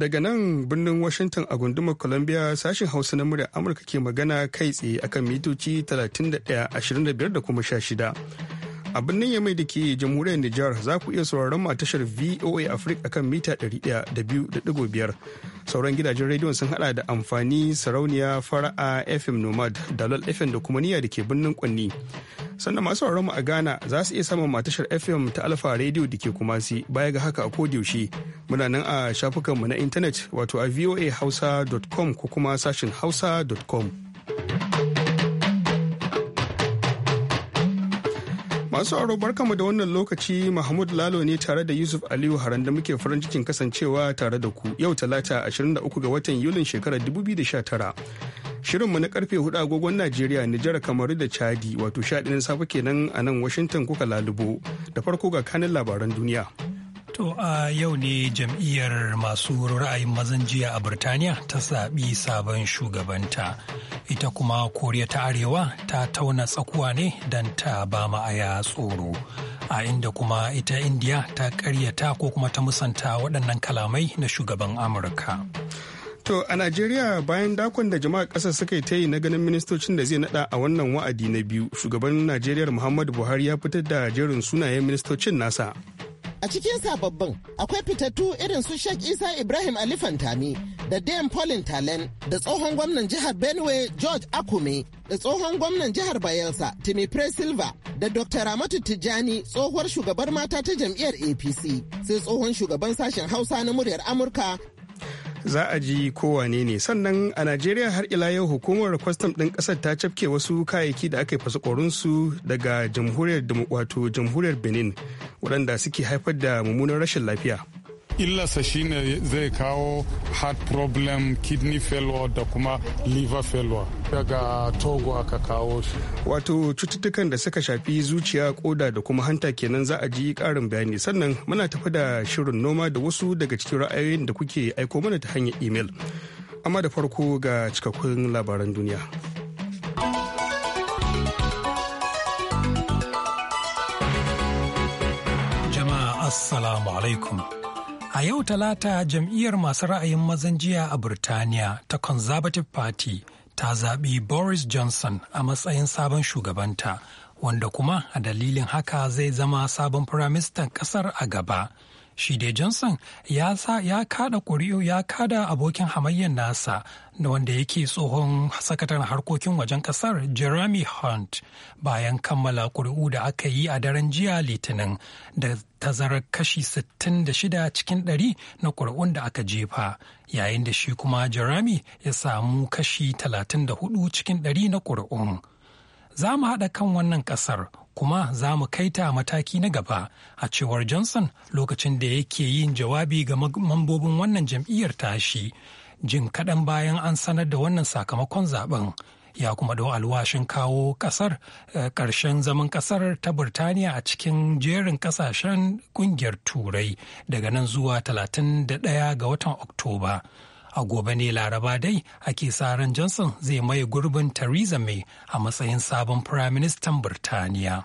daga nan birnin washington a gundumar columbia sashen hausa na murya amurka ke magana kai tsaye akan mitoci 31 25 da kuma 16 a birnin yamai da ke jamhuriyar Nijar za ku iya sauraron a tashar VOA Africa akan mita ɗari ɗaya da da biyu biyar sauran gidajen rediyon sun hada da amfani sarauniya fara'a FM Nomad dalol FM da kuma niyya da ke birnin Kwanni sannan masu sauraron mu a Ghana za su iya samun tashar FM ta Alfa Radio da ke Kumasi baya ga haka a yaushe muna nan a mu na intanet wato a voahausa.com ko kuma sashin hausa.com. Masu aro barkamu da wannan lokaci Mahmud Lalo ne tare da Yusuf Aliyu Haran da muke farin cikin kasancewa tare da ku yau talata 23 ga watan Yulin shekarar 2019. Shirinmu na karfe 4 agogon Najeriya, Nijar, Kamaru da Chadi wato sha safe kenan a nan Washington kuka lalubo. Da farko ga kanin labaran duniya. To a yau ne jam'iyyar masu ra'ayin mazan jiya a Birtaniya ta zaɓi sabon shugabanta. Ita kuma Koriya ta Arewa ta tauna tsakuwa ne don ta ba ma'aya tsoro. A inda kuma ita Indiya ta ƙaryata ko kuma ta musanta waɗannan kalamai na shugaban Amurka. To a Najeriya bayan dakon da jama'a ƙasar suka yi ta yi na ganin ministocin da zai naɗa a wannan wa'adi na biyu, shugaban Najeriya Muhammadu Buhari ya fitar da jerin sunayen ministocin nasa. A cikin sababbin akwai fitattu irin su Sheikh Isa Ibrahim Ali Fantami da Dan Paulin Talen da tsohon gwamnan jihar Benue George Akume da tsohon gwamnan jihar Bayelsa Timi Silva da Dr. Ramatu Tijjani tsohuwar shugabar mata ta jam'iyyar APC sai tsohon shugaban sashen Hausa na muryar Amurka za a ji kowane ne sannan a najeriya har ila yau hukumar kwastam ɗin ƙasar ta cafke wasu kayayyaki da aka yi su daga jamhuriyar wato jamhuriyar benin waɗanda suke haifar da mummunan rashin lafiya illarsa shine zai kawo heart problem kidney failure da kuma liver failure daga togo aka kawo shi wato cututtukan da suka shafi zuciya koda da kuma hanta kenan za a ji karin bayani sannan muna tafi da shirin noma da wasu daga cikin ra'ayoyin da kuke aiko mana ta hanyar email amma da farko ga cikakkun labaran duniya jama'a assalamu alaikum A yau talata jam'iyyar masu ra'ayin mazan jiya a Burtaniya ta Conservative Party ta zaɓi Boris Johnson a matsayin sabon shugabanta, wanda kuma a dalilin haka zai zama sabon firaministan ƙasar a gaba. shi dai johnson ya sa ya kada ƙuri'u ya kada abokin hamayyar nasa na wanda yake tsohon sakataren harkokin wajen kasar jeremy hunt bayan kammala ƙuri'u da aka yi a daren jiya litinin da tazarar kashi 66 cikin 100 na ƙuri'un da aka jefa yayin da shi kuma jeremy ya samu kashi 34 cikin 100 na kuri'un. za mu haɗa kan wannan ƙasar kuma za mu kai ta mataki na gaba a cewar johnson lokacin da yake yin jawabi ga mambobin wannan jam'iyyar tashi jin kaɗan bayan an sanar da wannan sakamakon zaben ya kuma da alwashin kawo ƙasar eh, ƙarshen zaman ƙasar ta Birtaniya a cikin jerin ƙasashen ƙungiyar turai daga nan zuwa 31 ga watan oktoba a gobe ne laraba dai ake sa ran johnson zai maye gurbin theresa may a matsayin sabon firaministan birtaniya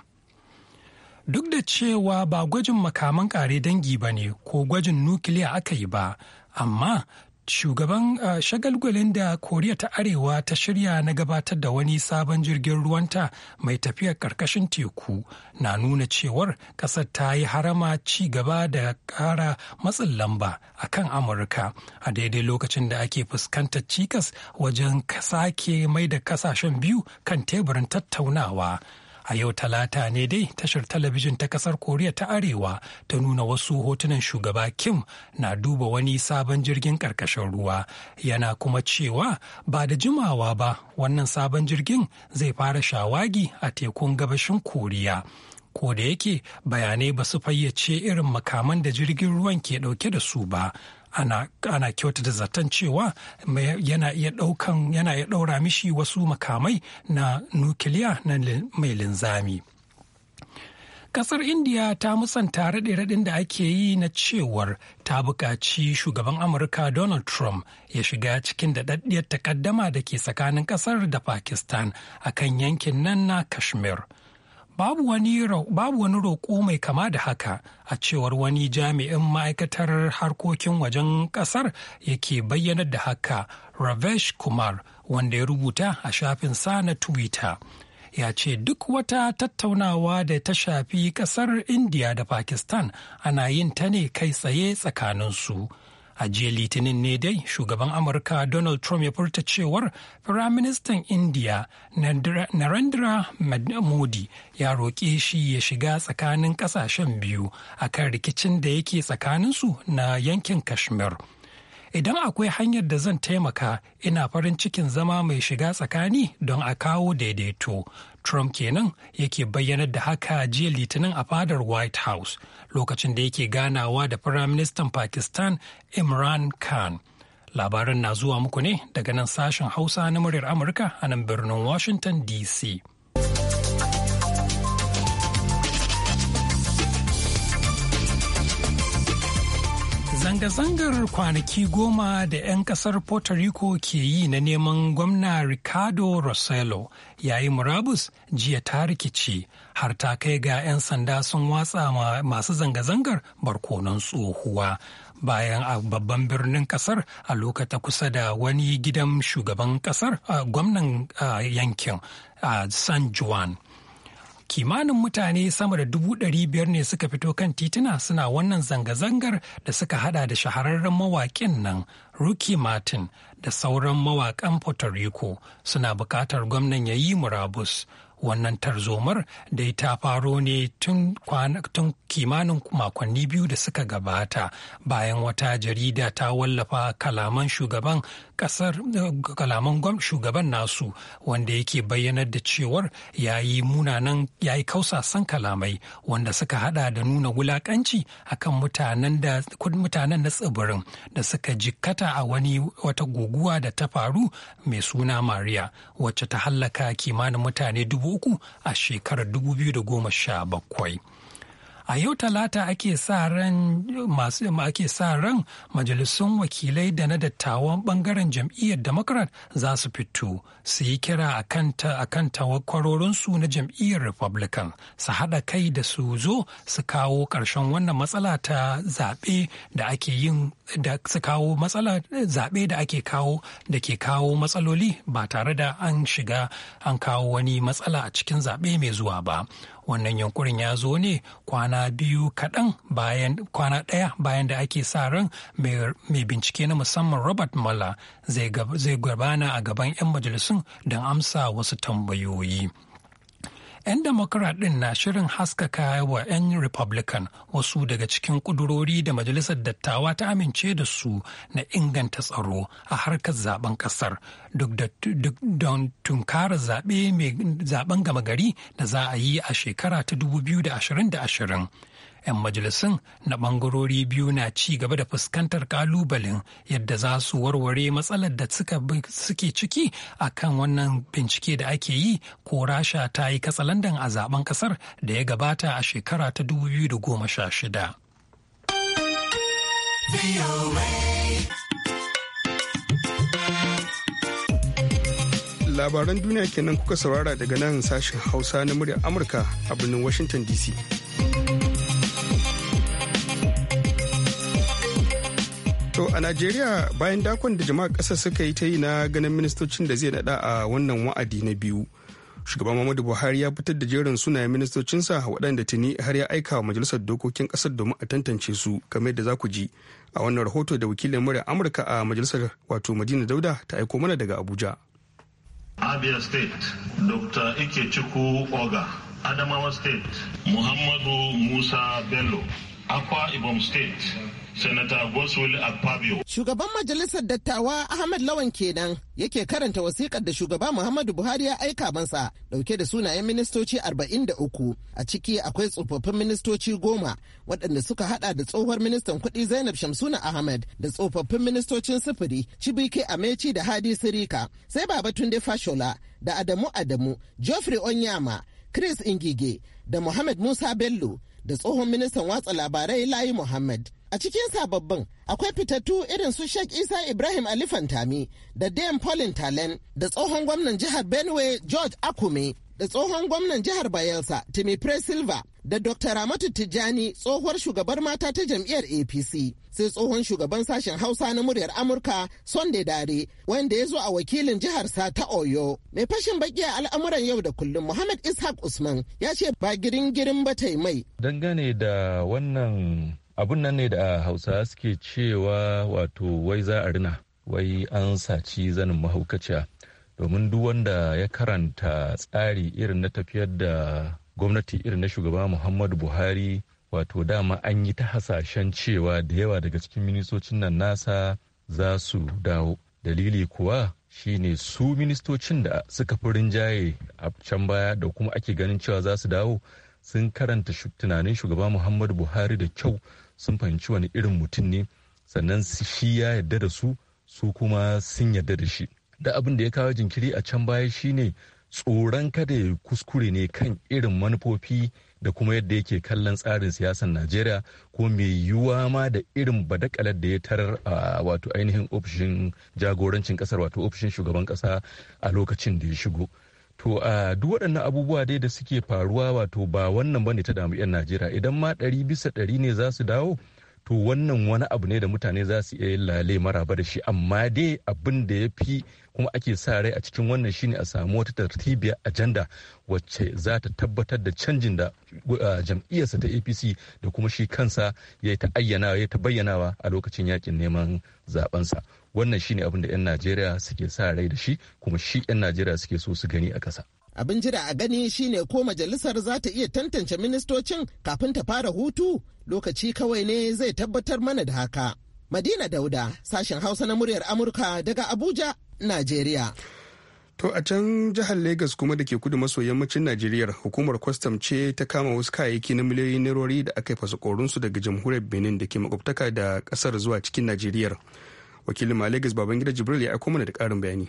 duk da cewa ba gwajin makaman kare dangi ba ne ko gwajin nukiliya aka yi ba amma shugaban uh, shagalgwalin da koriya ta arewa ta shirya na gabatar da wani sabon jirgin ruwanta mai tafiyar karkashin teku na nuna cewar kasar ta yi harama ci gaba da kara matsin lamba a kan amurka a daidai lokacin da ake fuskantar cikas wajen sake mai da kasashen biyu kan teburin tattaunawa A yau talata ne dai tashar talabijin ta kasar Koriya ta Arewa ta nuna wasu hotunan shugaba Kim na duba wani sabon jirgin ƙarƙashin ruwa. Yana kuma cewa ba da jimawa ba wannan sabon jirgin zai fara shawagi a tekun gabashin Koriya. ko da yake bayanai ba su fayyace irin makaman da jirgin ruwan ke ɗauke da su ba ana, ana kyautata zaton cewa yana iya ɗaukan yana iya ɗaura mishi wasu makamai na nukiliya na mai linzami. Kasar India ta musanta raɗe-raɗin da ake yi na cewar ta buƙaci shugaban Amurka Donald Trump ya shiga cikin daɗaɗɗiyar takaddama da ke tsakanin ƙasar da Pakistan a kan yankin nan na Kashmir. Babu wani roƙo mai kama da haka a cewar wani jami'in ma'aikatar harkokin wajen ƙasar yake bayyanar da haka Ravesh Kumar wanda ya rubuta a shafin sa na Twitter. ya ce duk wata tattaunawa da ta shafi ƙasar india da pakistan ana yin ta ne kai tsaye tsakaninsu A jiya Litinin ne dai shugaban Amurka Donald Trump ya furta cewar Firaministan India Narendra Modi ya roƙe shi ya shiga tsakanin ƙasashen biyu a kan rikicin da yake tsakaninsu na yankin Kashmir. Idan akwai hanyar da zan taimaka ina farin cikin zama mai shiga tsakani don a kawo daidaito Trump kenan yake bayyanar da haka jiya litinin a fadar White House lokacin da yake ganawa da Firaministan Pakistan Imran Khan. labarin na zuwa muku ne daga nan sashen Hausa na muryar Amurka a nan birnin Washington DC. Zanga-zangar kwanaki goma da 'yan kasar Puerto Rico ke yi na neman gwamna Ricardo Rossello yayi murabus jiya ta rikici har ta kai ga 'yan sanda sun watsa masu zanga-zangar barkonon tsohuwa. bayan a babban birnin kasar a lokata kusa da wani gidan shugaban kasar a gwamnan yankin a san juan kimanin mutane sama da dubu ɗari biyar ne suka fito kan tituna suna wannan zanga-zangar da suka hada da shahararren mawaƙin nan Ricky Martin da sauran mawaƙan Puerto Rico suna buƙatar gwamnan ya yi murabus wannan tarzomar dai ta faro ne tun kimanin makonni biyu da suka gabata bayan wata jarida ta wallafa kalaman shugaban kasar kalaman shugaban nasu wanda yake bayyanar da cewar ya yi munanan ya yi kausasan kalamai wanda suka hada da nuna wulakanci akan mutanen da na tsibirin da suka jikkata a wani wata guguwa da ta faru mai suna Mariya wacce ta hallaka kimanin mutane dubu boko a shekarar 2017 a yau talata ake sa ran majalisun wakilai da na dattawan bangaren jam'iyyar democrat za su fito su yi kira a kan tawakwarorinsu na jam'iyyar republican su haɗa kai da su zo su kawo ƙarshen wannan matsala ta zaɓe da ake yin da su kawo matsala zaɓe da ake kawo da ke kawo matsaloli ba tare da an shiga an kawo wani matsala a cikin zaɓe mai zuwa ba wannan yunkurin ya zo ne kwana biyu kaɗan bayan kwana ɗaya bayan da ake sa ran mai bincike na musamman robert mueller zai gabana a gaban 'yan majalisun don amsa wasu tambayoyi. 'Yan Democrat ɗin na shirin haskaka wa 'yan Republican wasu daga cikin ƙudurori da Majalisar Dattawa ta amince da su na inganta tsaro a harkar zaben ƙasar duk da don tunkara zaben gama gari da za a yi a shekara ta 2020. 'yan majalisun na ɓangarori biyu na ci gaba da fuskantar ƙalubalen yadda za su warware matsalar da suke ciki a kan wannan bincike da ake yi ko rasha ta yi katsalandan a zaben ƙasar da ya gabata a shekara ta 2016. labaran duniya kenan kuka saurara daga nan sashen hausa na muryar amurka a birnin washington dc To a Najeriya bayan dakon da jama'a ƙasar suka yi ta yi na ganin ministocin da zai naɗa a wannan wa'adi na biyu. Shugaban Muhammadu Buhari ya fitar da jerin sunayen ministocinsa waɗanda tuni har ya aika wa majalisar dokokin ƙasar domin a tantance su kamar yadda za ku ji a wannan rahoto da wakilin murya Amurka a majalisar wato Madina Dauda ta aiko mana daga Abuja. Abia State, Dr. Ikechukwu Oga, Adamawa State, Muhammadu Musa Bello, Akwa Ibom State, Senator Boswell Akpabio. Shugaban Majalisar Dattawa Ahmad Lawan kenan yake karanta wasiƙar da shugaba Muhammadu Buhari ya aika masa dauke da sunayen ministoci 43 a ciki akwai tsofaffin ministoci goma waɗanda suka hada da tsohuwar ministan kuɗi Zainab Shamsuna Ahmed da tsofaffin ministocin sufuri Chibike Amechi da Hadi Sirika sai Baba Tunde Fashola da Adamu Adamu Geoffrey Onyama Chris Ingige da Muhammad Musa Bello da tsohon ministan watsa labarai Layi Muhammad. A cikin sababbin akwai fitattu irin su Sheikh Isa Ibrahim Ali Fantami da dan Paulin Talen da tsohon gwamnan jihar Benue George Akume da tsohon gwamnan jihar Bayelsa Timipre Silva da Dr. Ramatu Tijjani tsohuwar shugabar mata ta jam'iyyar APC sai tsohon shugaban sashen Hausa na muryar Amurka Sunday Dare wanda ya zo a wakilin jihar sa ta Oyo. Mai fashin baki a al'amuran yau da kullum Muhammad Ishaq Usman ya ce ba girin girin ba ta mai. Dangane da wannan abun nan ne da Hausa suke cewa wato wai za a rina wai an saci zanin mahaukaciya. domin duk wanda ya karanta tsari irin na tafiyar da gwamnati irin na shugaba muhammadu buhari wato dama an yi ta hasashen cewa da yawa daga cikin ministocin nan nasa za su dawo dalili kuwa shine su ministocin da suka fi rinjaye a can baya da kuma ake ganin cewa za su dawo sun karanta tunanin shugaba muhammadu buhari da kyau sun fahimci wani irin mutum ne sannan shi ya yarda da su su kuma sun yarda da shi da abin da ya kawo jinkiri a can baya shine tsoron kada ya kuskure ne kan irin manufofi da kuma yadda yake kallon tsarin siyasar najeriya ko mai yiwuwa ma da irin badakalar da ya tarar a wato ainihin ofishin jagorancin kasar wato ofishin shugaban kasa a lokacin da ya shigo to a duk waɗannan abubuwa dai da suke faruwa wato ba wannan bane ta damu 'yan najeriya idan ma ɗari bisa ɗari ne za su dawo to wannan wani abu ne da mutane za su iya yin lale maraba da shi amma dai abin da ya fi kuma ake sa rai a cikin wannan shine a samu wata tartibiyar ajanda wacce za ta tabbatar da canjin da jam'iyyarsa ta apc da kuma shi kansa ya ta ayyana ya ta bayyanawa a lokacin yakin neman zabensa wannan shine abin da 'yan najeriya suke sa rai da shi kuma shi 'yan najeriya suke so su gani a ƙasa abin jira a gani shine ko majalisar za ta iya tantance ministocin kafin ta fara hutu lokaci kawai ne zai tabbatar mana da haka madina dauda sashen hausa na muryar amurka daga abuja najeriya To a can jihar Legas kuma da ke kudu maso yammacin Najeriya hukumar kwastam ce ta kama wasu kayayyaki na miliyoyin nerori da aka fasa korinsu daga jamhuriyar Benin da ke makwabtaka da kasar zuwa cikin Najeriya. Wakilin ma Legas Babangida Jibril ya aiko mana da ƙarin bayani.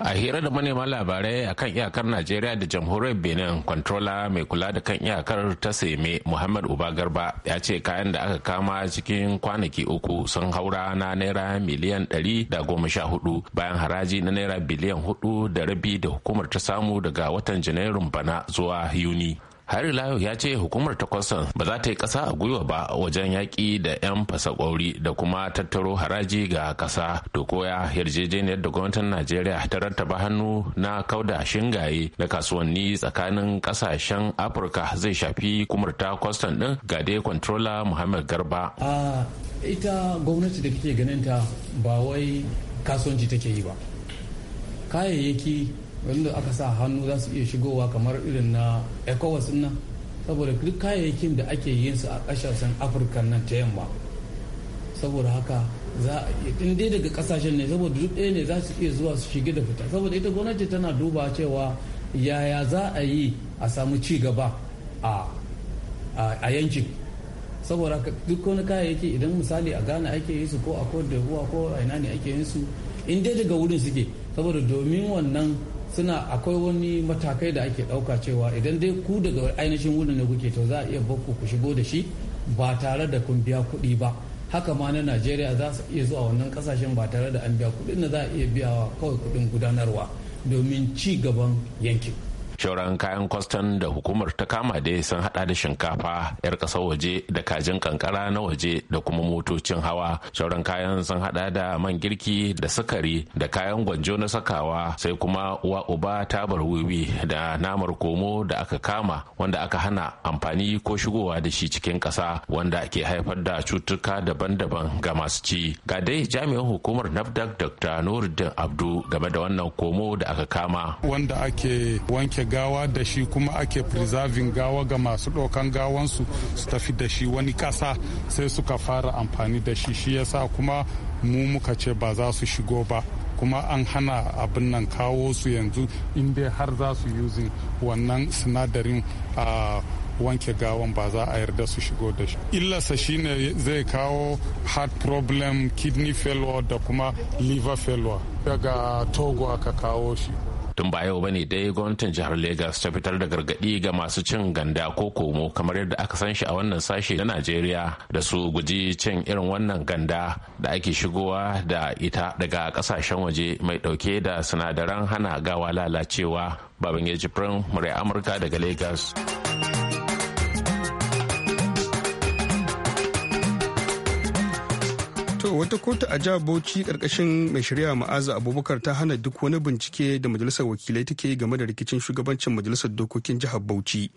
a hira da manema labarai a kan iyakar najeriya da jamhuriyar benin Kontrola mai kula da kan iyakar ta seme muhammad uba garba ya ce kayan da aka kama cikin kwanaki uku sun haura na naira miliyan ɗari da goma sha hudu bayan haraji na naira biliyan hudu da rabi da hukumar ta samu daga watan janairun bana zuwa yuni Harry Layo ya ce hukumar ta kwastan ba za ta yi ƙasa a gwiwa ba wajen yaƙi da 'yan fasakwauri da kuma tattaro haraji ga ƙasa to koya yarjejeniyar da gwamnatin Najeriya ta rattaba hannu na kauda shingaye na kasuwanni tsakanin ƙasashen Afirka zai shafi hukumar ta kwastan ɗin ga dai controller Muhammad Garba. Uh, ita gwamnati da kake ganin ta ba wai kasuwanci take yi ba. Kayayyaki wanda aka sa hannu za su iya shigowa kamar irin na ecowas nan saboda duk kayayyakin da ake yin su a kasashen afirka nan ta yamma saboda haka za in dai daga kasashen ne saboda duk ɗaya ne za su iya zuwa su shige da fita saboda ita gwamnati tana duba cewa yaya za a yi a samu ci gaba a yankin saboda duk wani kayayyaki idan misali a ghana ake yi su ko a kodewa ko a ina ne ake yin su in dai daga wurin suke saboda domin wannan suna akwai wani matakai da ake ɗauka cewa idan dai ku daga ainihin wurin ne kuke to za a iya bakku ku shigo da shi ba tare da kun biya kuɗi ba haka ma na najeriya za su iya zuwa wannan kasashen ba tare da an biya kuɗin da za a iya biyawa kawai kuɗin gudanarwa domin ci gaban yankin shauran kayan kwastan da hukumar ta kama dai sun hada da shinkafa yar ƙasar waje da kajin kankara na waje da kuma motocin hawa shauran kayan sun hada da man girki da sukari da kayan gwanjo na sakawa sai kuma uwa uba tabar wiwi da namar komo da aka kama wanda aka hana amfani ko shigowa da shi cikin kasa wanda ke haifar da cutuka daban-daban ga masu ci ga dai jami'in hukumar nafdak dr nuruddin abdu game da wannan komo da aka kama wanda ake wanke gawa da shi kuma ake preserving gawa ga masu ɗaukan gawansu su tafi da shi wani ƙasa sai suka fara amfani da shi shi yasa kuma mu muka ce ba za su shigo ba kuma an hana abin nan kawo su yanzu in dai har za su using wannan sinadarin a wanke gawan ba za a yarda su shigo da shi illarsa shine zai kawo heart problem kidney failure da kuma liver failure daga togo aka kawo shi tun ba yau bane dai gwamnatin jihar lagos ta fitar da gargadi ga masu cin ganda ko komo kamar yadda aka san shi a wannan sashe na najeriya da su guji cin irin wannan ganda da ake shigowa da ita daga kasashen waje mai dauke da sinadaran hana gawa lalacewa babangeji firin murai amurka daga lagos To wata kotu a jihar Bauchi karkashin mai shari'a ma'aza abubakar ta hana duk wani bincike da majalisar wakilai take game da rikicin shugabancin majalisar dokokin jihar Bauchi.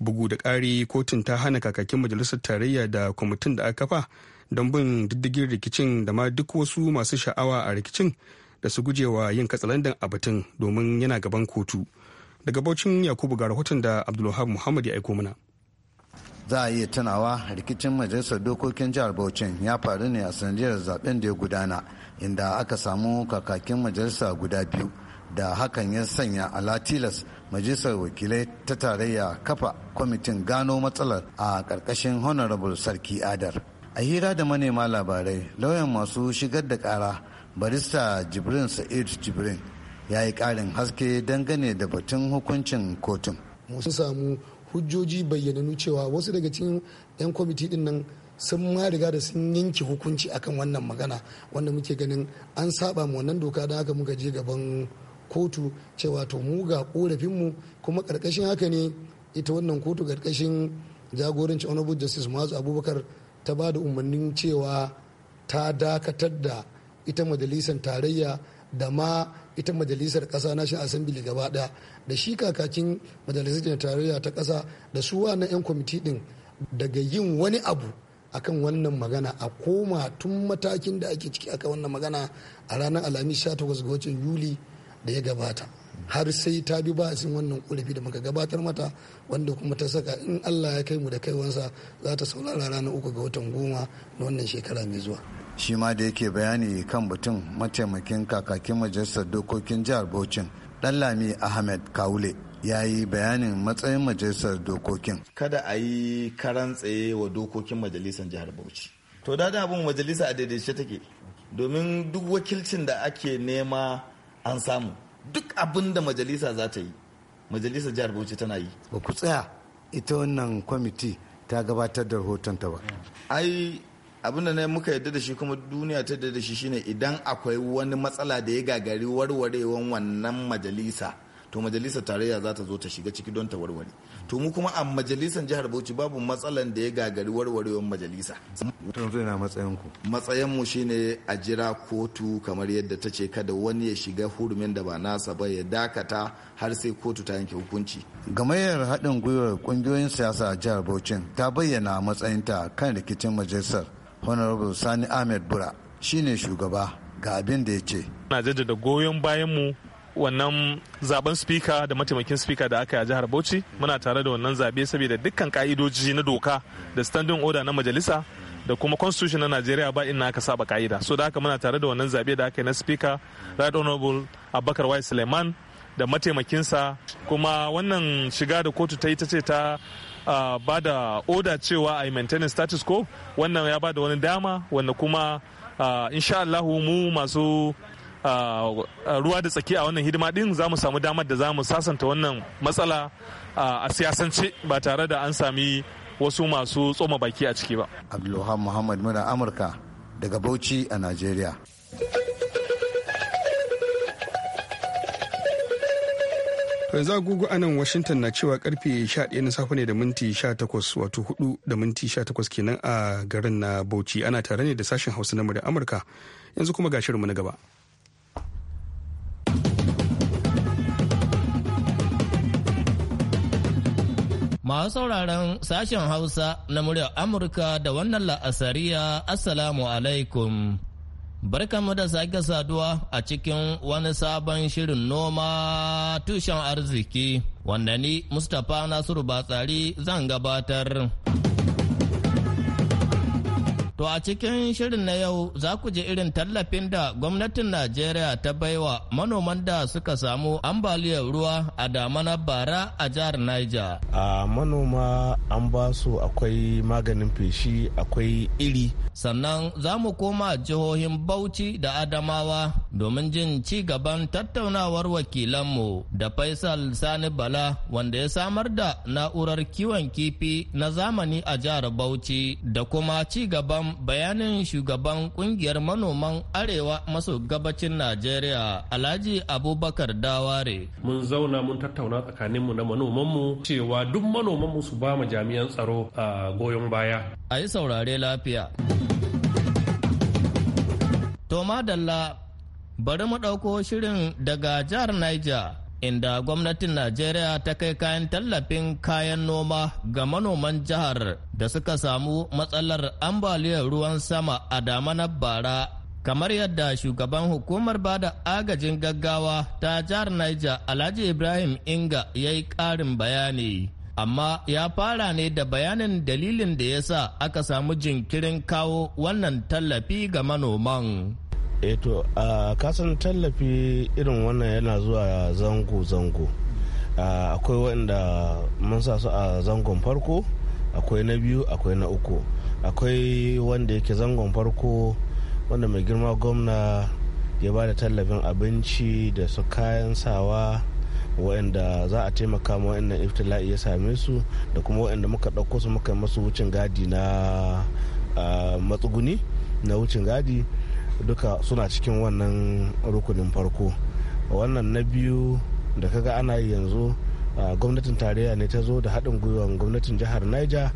Bugu da ƙari kotun ta hana kakakin majalisar tarayya da kwamitin da aka kafa don bin diddigin rikicin da ma duk wasu masu sha'awa a rikicin da su gujewa yin katsalandan a batun domin yana gaban kotu. Daga Bauchin Yakubu ga rahoton da Abdulwahab Muhammad ya aiko mana. za a iya tunawa rikicin majalisar dokokin jihar bauchi ya faru ne a sanadiyar zaben da ya gudana inda aka samu kakakin majalisa guda biyu da hakan ya sanya alatilas majalisar wakilai ta tarayya kafa kwamitin gano matsalar a ƙarƙashin honorable sarki adar a hira da manema labarai lauyan masu shigar da ƙara barista jibrin sa'id jibrin ya yi ƙarin haske dangane da batun hukuncin kotun mun samu hujjoji bayyananu cewa wasu daga cikin 'yan kwamiti din nan sun ma riga da sun yanke hukunci akan wannan magana wanda muke ganin an saba mu wannan doka da haka muka je gaban kotu cewa to mu ga korafinmu kuma karkashin haka ne ita wannan kotu karkashin jagoranci honorable justice mazu abubakar ta ba da umarnin cewa ta dakatar da ita majalisar tarayya da ma ita majalisar kasa na assembly gaba daya da shi kakakin majalisar tarayya ta kasa da su wa na 'yan kwamiti din daga yin wani abu akan wannan magana a koma tun matakin da ake ciki akan wannan magana a ranar alhamis 18 ga watan yuli da ya gabata har sai ta bi ba sun wannan ƙorafi da muka gabatar mata wanda kuma ta saka in allah ya kai mu da kaiwansa za ta saurara ranar uku ga watan goma na wannan shekara mai zuwa shi ma da yake bayani kan batun mataimakin kakakin majalisar dokokin jihar bauchin lami ahmed kawule ya yi bayanin matsayin majalisar dokokin kada a yi karan tsaye wa dokokin majalisar jihar bauchi to da abin majalisa a daidaice take domin duk wakilcin da ake nema an samu duk abin da majalisa za ta yi Majalisa jihar bauchi tana yi ba ku tsaya ita wannan kwamiti ta gabatar da rahoton ta ba ai abin da muka yarda da shi kuma duniya ta yarda da shi shine idan akwai wani matsala da ya gagari warwarewan wannan majalisa to majalisar tarayya za ta zo ta shiga ciki don ta warware to mu kuma a majalisar jihar bauchi babu matsalan da ya gagari warwarewar majalisa matsayin ku. mu shine a jira kotu kamar yadda ta ce kada wani ya shiga hurumin da ba nasa ba ya dakata har sai kotu ta yanke hukunci gamayyar haɗin gwiwar ƙungiyoyin siyasa a jihar bauchi ta bayyana matsayinta kan rikicin majalisar honorable sani ahmed bura shine shugaba ga abin da ya ce na jaddada goyon bayan mu wannan zaben spika da mataimakin spika da aka yi a jihar bauchi muna tare da wannan zabe saboda dukkan ka'idoji na doka da standing order na majalisa da kuma constitution na najeriya ba inna aka saba ka'ida so da haka muna tare da wannan zabe da aka yi na spika right honorable abubakar wai suleiman da mataimakinsa kuma wannan shiga da kotu ta yi ta ce ta ah, ba da order cewa a yi maintenance status quo wannan ya ba da wani dama wanda kuma ah, insha allahu mu masu ruwa da tsaki a wannan hidima din za mu samu damar da za mu sasanta wannan matsala a siyasance ba tare da an sami wasu masu tsoma baki a ciki ba. Abdulluhan Muhammad muna Amurka daga Bauchi a Najeriya. yanzu agogo a nan washington na cewa karfe 11 na safe ne da minti 18 wato 4 da minti 18 kenan a garin na bauchi ana tare ne da sashen hausa na murya amurka yanzu kuma ga shirinmu na gaba Masu sauraron sashen Hausa na muryar Amurka da wannan la'asariya Assalamu alaikum. Barkanmu da sake saduwa a cikin wani sabon shirin noma tushen arziki wanda ni Mustapha Nasiru Batsari zan gabatar. To a cikin shirin na yau za ku ji irin tallafin da gwamnatin Najeriya ta baiwa manoman da suka samu ambaliyar ruwa a damana bara a jihar Niger. A manoma an ba su akwai maganin feshi akwai iri. Sannan za mu koma jihohin Bauchi da Adamawa domin jin ci gaban tattaunawar wakilanmu da Faisal Sani Bala wanda ya samar da na'urar kiwon kifi na zamani a jihar Bauchi da kuma ci gaban bayanin shugaban kungiyar manoman arewa maso gabacin Najeriya Alhaji Abubakar Daware. Mun zauna mun tattauna tsakaninmu na manomanmu cewa duk manomanmu su ba mu jami'an tsaro a goyon baya. A yi saurare lafiya. to Dalla bari mu ɗauko shirin daga jihar Niger. inda gwamnatin Najeriya ta kai kayan tallafin kayan noma ga manoman jihar da suka samu matsalar ambaliyar ruwan sama a damanar bara kamar yadda shugaban hukumar bada agajin gaggawa ta jihar Niger Alhaji Ibrahim Inga ya yi ƙarin bayani. Amma ya fara ne da bayanin dalilin da ya sa aka samu jinkirin kawo wannan tallafi ga manoman. eh to a kasan tallafi irin wannan yana zuwa zango-zango akwai wanda mun sa su a zangon farko akwai na biyu akwai na uku akwai wanda yake zangon farko wanda mai girma gwamna ya ba da tallafin abinci da su kayan sawa waɗanda za a taimaka ma waɗannan iftila'i ya same su da kuma waɗanda muka ɗauko su muka yi masu wucin gadi na matsuguni na wucin gadi duka suna cikin wannan rukunin farko wannan na biyu da kaga ana yi yanzu gwamnatin tarayya ne ta zo da haɗin gwiwa gwamnatin jihar niger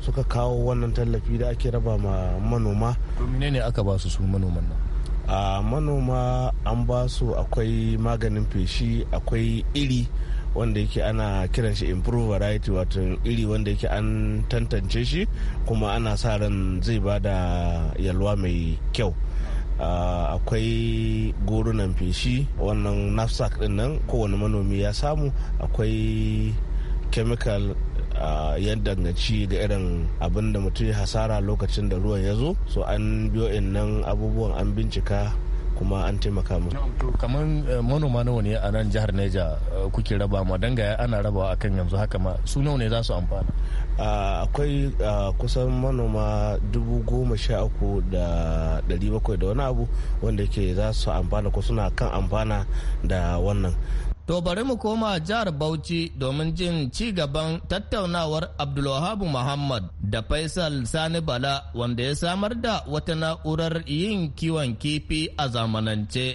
suka kawo wannan tallafi da ake raba ma manoma domine ne aka ba su su manoman nan a manoma an ba su akwai maganin feshi akwai iri wanda yake ana kiran shi improve variety wato iri wanda yake an tantance shi kuma ana sa ran zai ba da yalwa mai kyau Ah, akwai gorunan feshi wannan nafsak din nan kowane manomi ya samu akwai chemical ah, ya danganci ga irin abin da mutum ya hasara lokacin da ruwan ya zo so an biyo in nan abubuwan an bincika kuma an taimaka mu. kamar eh, manoma nawa ne a nan jihar neja eh, kuke raba ma danga ana rabawa akan yanzu haka ma su nawa ne za su amfana Ah, akwai ah, kusan manoma dubu goma sha uku da ɗari bakwai da wani abu wanda ke za su amfana ko suna kan amfana da wannan To bari mu koma jihar Bauchi domin jin ci gaban tattaunawar Abdulwahabu Muhammad da Faisal Sani Bala wanda ya samar da wata na'urar yin kiwon kifi a zamanance.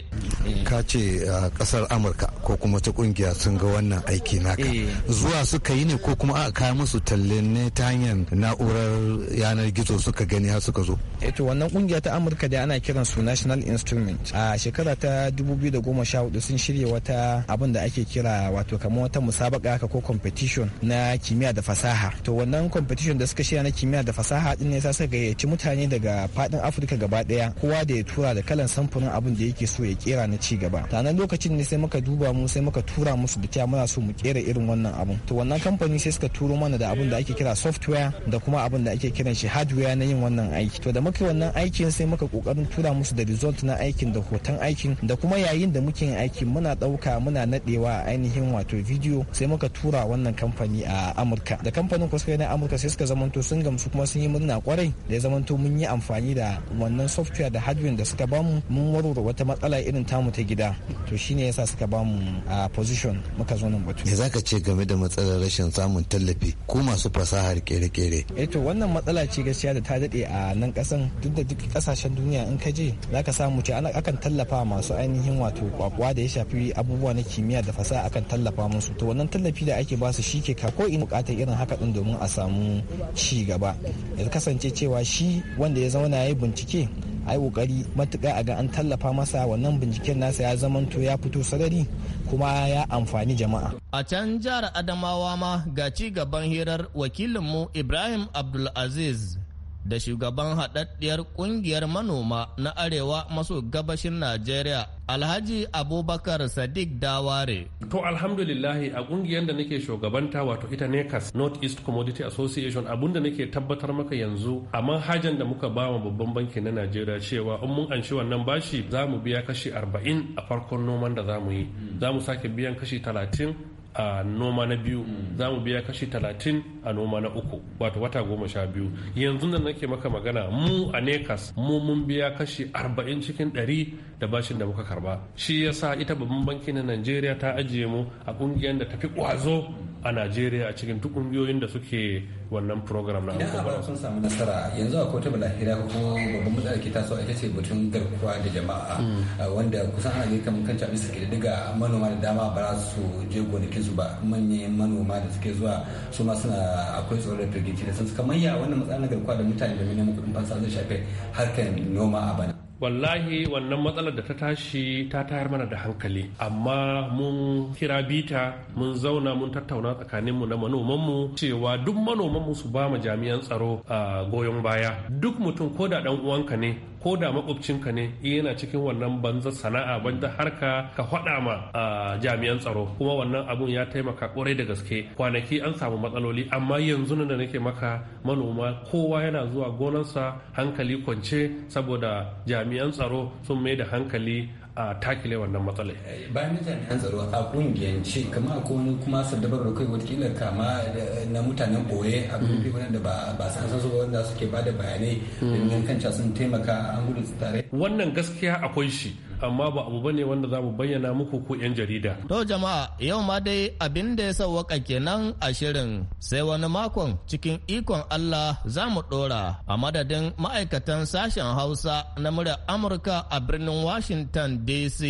Eh. Ka ce kasar Amurka ko kuma ta kungiya sun ga wannan aiki naka. Eh. Zuwa suka yi ne ko kuma aka kawo musu talle ne ta hanyar na'urar yanar gizo suka gani har suka zo. Eto eh, wannan kungiya ta Amurka da ana kiransu National Instrument a shekara ta 2014 sun shirya wata abin da da ake kira wato kamar wata musabaka haka ko competition na kimiyya da fasaha to wannan competition da suka shirya na kimiyya da fasaha din ne sa suka gayyaci mutane daga fadin afirka gaba daya kowa da ya tura da kalan samfurin abin da yake so ya kera na ci gaba ta nan lokacin ne sai muka duba mu sai muka tura musu da cewa muna so mu kera irin wannan abin to wannan kamfani sai suka turo mana da abin da ake kira software da kuma abin da ake kiran shi hardware na yin wannan aiki to da muka wannan aikin sai muka kokarin tura musu da result na aikin da hoton aikin da kuma yayin da muke yin aikin muna dauka muna nade dadewa ainihin wato bidiyo sai muka tura wannan kamfani a amurka da kamfanin ku suka yi na amurka sai suka zamanto sun gamsu kuma sun yi murna kwarai da ya zamanto mun yi amfani da wannan software da hardware da suka bamu mun warware wata matsala irin tamu ta gida to shine yasa suka bamu a position muka zo nan batu me zaka ce game da matsalar rashin samun tallafi ko masu fasahar kere-kere eh to wannan matsala ce gaskiya da ta dade a nan kasan duk da duk kasashen duniya in ka je zaka samu ce akan tallafa masu ainihin wato kwakwa da ya shafi abubuwa na kimiyya da fasaha akan tallafa musu to wannan tallafi da ake basu shi ke ko in bukatar irin haka din domin a samu ci gaba ya kasance cewa shi wanda ya zauna ya yi bincike a yi kokari matuƙa a ga an tallafa masa wannan binciken nasa ya zamanto ya fito sarari kuma ya amfani jama'a a can jihar adamawa ma ga ci gaban hirar wakilinmu ibrahim abdulaziz da shugaban haɗaɗɗiyar ƙungiyar manoma na arewa maso gabashin Najeriya Alhaji Abubakar Sadiq Daware. To alhamdulillahi a ƙungiyar da nake shugabanta wato ita NECAS North East Commodity Association abinda nake tabbatar maka yanzu a manhajan da muka bawa babban banki na Najeriya cewa in mun anshi wannan bashi za mu biya kashi 40 a farkon noman da za mu yi. Za mu sake biyan kashi 30 a noma na biyu mm. za mu biya kashi talatin a noma na uku wato wata goma sha biyu yanzu da nake maka magana mu a nekas mu mun biya kashi arba'in cikin ɗari da bashin da muka karba shi yasa ita babban bankin na najeriya ta ajiye mu a kungiyar da tafi ƙwazo a najeriya a cikin duk ƙungiyoyin da suke wannan program na idan abu sun samu nasara yanzu a kotu hira ko babban matsala ke taso ita ce batun garkuwa da jama'a hmm. wanda kusan ana kan kanta bisa suke daga manoma da dama ba za su je gonakin su ba manyan manoma da suke zuwa su ma suna akwai tsoron firgici da sun suka manya wannan na garkuwa da mutane da neman kuɗin fansa zai shafe harkar noma a bana wallahi wannan matsalar da ta tashi ta tayar mana da hankali amma mun kira bita mun zauna mun tattauna tsakaninmu na manomanmu cewa duk manomanmu su ba mu jami'an tsaro a ah, goyon baya duk mutum ko da dan uwanka ne ko da makwabcinka ne eh, yana cikin wannan banza sana'a banza harka ka faɗa ma a jami'an tsaro kuma wannan abun ya taimaka kwarai da gaske kwanaki an samu matsaloli amma yanzu da nake maka manoma kowa yana zuwa gonarsa hankali kwance saboda jami'an tsaro sun mai da hankali a takile wannan matsalai. Eh, bayan jami'an tsaro a kungiyance kamar ko wani kuma sadabar da kai watakila kama eh, na mutanen boye a gurbi mm-hmm. wadanda ba san san wanda suke ba da bayanai mm-hmm. domin kan sun taimaka an gudu tare. wannan gaskiya akwai shi amma ba abu bane wanda za mu bayyana muku ko 'yan jarida. To jama'a yau ma dai abin da ya sauwaka kenan a shirin sai wani makon cikin ikon Allah za mu ɗora a madadin ma'aikatan sashen Hausa na muryar Amurka a birnin Washington DC.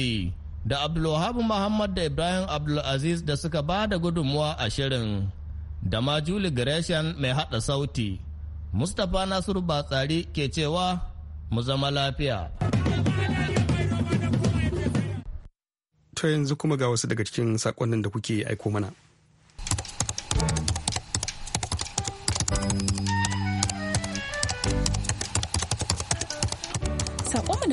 Da Abdulwahab Muhammad da Ibrahim Abdulaziz da suka ba da gudunmuwa a shirin. Da ma Julie Gresham mai haɗa sauti. Mustapha Nasiru Batsari ke cewa mu zama lafiya. ta yanzu kuma ga wasu daga cikin sakonnin da kuke aiko mana.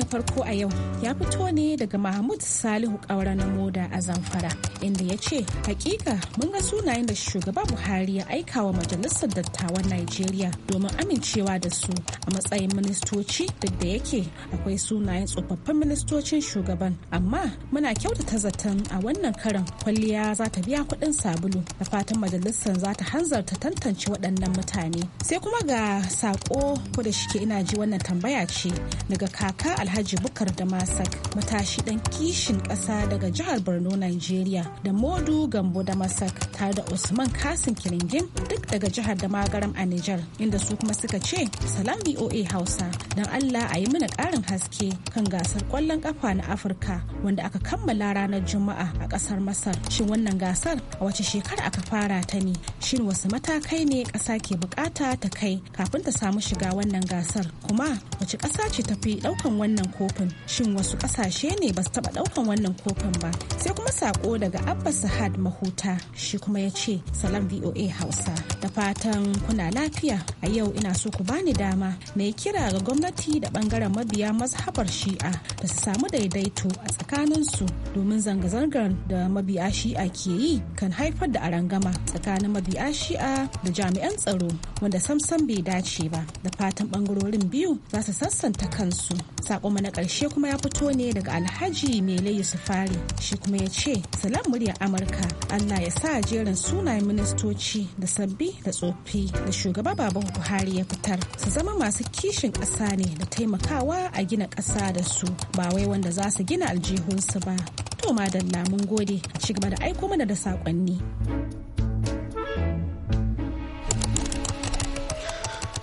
farko a yau ya fito ne daga Mahmud Salihu Kaura na Moda a Zamfara inda ya ce hakika mun ga sunayen da shugaba Buhari ya aika wa majalisar dattawan Najeriya domin amincewa da su a matsayin ministoci duk da yake akwai sunayen tsofaffin ministocin shugaban amma muna kyautata zaton a wannan karan kwalliya za ta biya kuɗin sabulu da fatan majalisar za ta hanzarta tantance waɗannan mutane sai kuma ga sako ko da shike ina ji wannan tambaya ce daga kaka alhaji Alhaji Bukar da Masak matashi ɗan kishin ƙasa daga jihar Borno Nigeria da Modu Gambo da Masak tare da Usman Kasim Kiringin duk daga jihar da a Nijar inda su kuma suka ce salam BOA Hausa don Allah a yi mana ƙarin haske kan gasar ƙwallon ƙafa na Afirka wanda aka kammala ranar Juma'a a ƙasar Masar. Shin wannan gasar a wace shekara aka fara ta ne? Shin wasu matakai ne ƙasa ke buƙata ta kai kafin ta samu shiga wannan gasar? Kuma wace ƙasa ce tafi ɗaukan wannan kofin shin wasu ƙasashe ne ba su taɓa ɗaukan wannan kofin ba sai kuma sako daga abba sahad mahuta shi kuma ya ce salam voa hausa da fatan kuna lafiya a yau ina so ku bani dama na kira ga gwamnati da ɓangaren mabiya mazhabar shi'a da su samu daidaito a tsakanin su domin zanga-zangar da mabiya shi'a ke yi kan haifar da arangama tsakanin mabiya shi'a da jami'an tsaro wanda samsam bai dace ba da fatan bangarorin biyu za su sassanta kansu sako na ƙarshe kuma ya fito ne daga Alhaji Mele Yusufari shi kuma ya ce salam murya Amurka Allah ya sa jerin sunayen ministoci da sabbi da tsofi da shugaba Baba Buhari ya fitar su zama masu kishin ƙasa ne da taimakawa a gina ƙasa da su ba wai wanda za su gina aljihunsu ba. To madalla lamun gode ci gaba da aiko mana da saƙonni.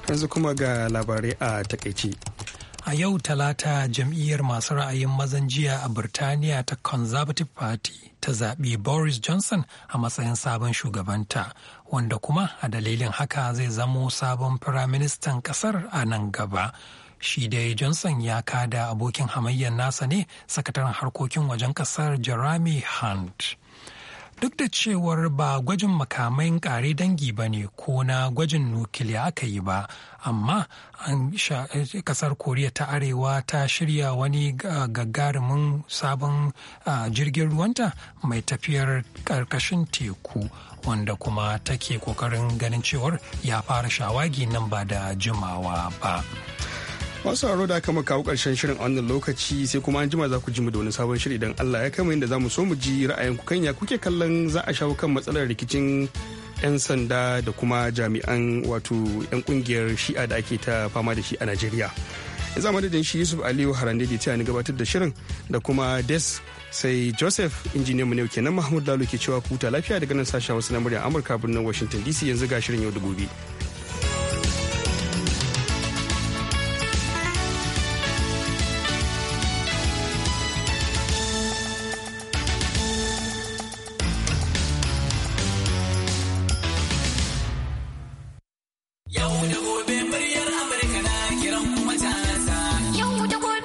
Yanzu kuma ga labarai a takaice. A yau talata jam'iyyar masu ra'ayin mazan jiya a Birtaniya ta Conservative Party ta zaɓi Boris Johnson a matsayin sabon shugabanta, wanda kuma a dalilin haka zai zamo sabon firaministan ƙasar a nan gaba. Shi dai Johnson ya kada abokin hamayyar nasa ne sakataren harkokin wajen ƙasar Jeremy Hunt. duk da cewar ba gwajin makamai kare dangi ba ne ko na gwajin nukiliya aka yi ba amma an eh, kasar koriya ta arewa ta shirya wani gagarumin sabon ah, jirgin ruwanta mai tafiyar karkashin teku wanda kuma take kokarin ganin cewar ya fara shawagi nan ba da jimawa ba. masu sauraro da aka kawo karshen shirin a wannan lokaci sai kuma an jima za ku ji mu da wani sabon shiri idan Allah ya kama inda za mu so mu ji ra'ayinku kan ya kuke kallon za a shawo kan matsalar rikicin 'yan sanda da kuma jami'an wato 'yan kungiyar shi'a da ake ta fama da shi a Najeriya. za madadin shi yusuf aliyu harande da ta ni gabatar da shirin da kuma des sai joseph injiniyan mu ne kenan mahmud lalo ke cewa kuta lafiya daga nan sashen wasu na murya amurka birnin washington dc yanzu ga shirin yau da gobe.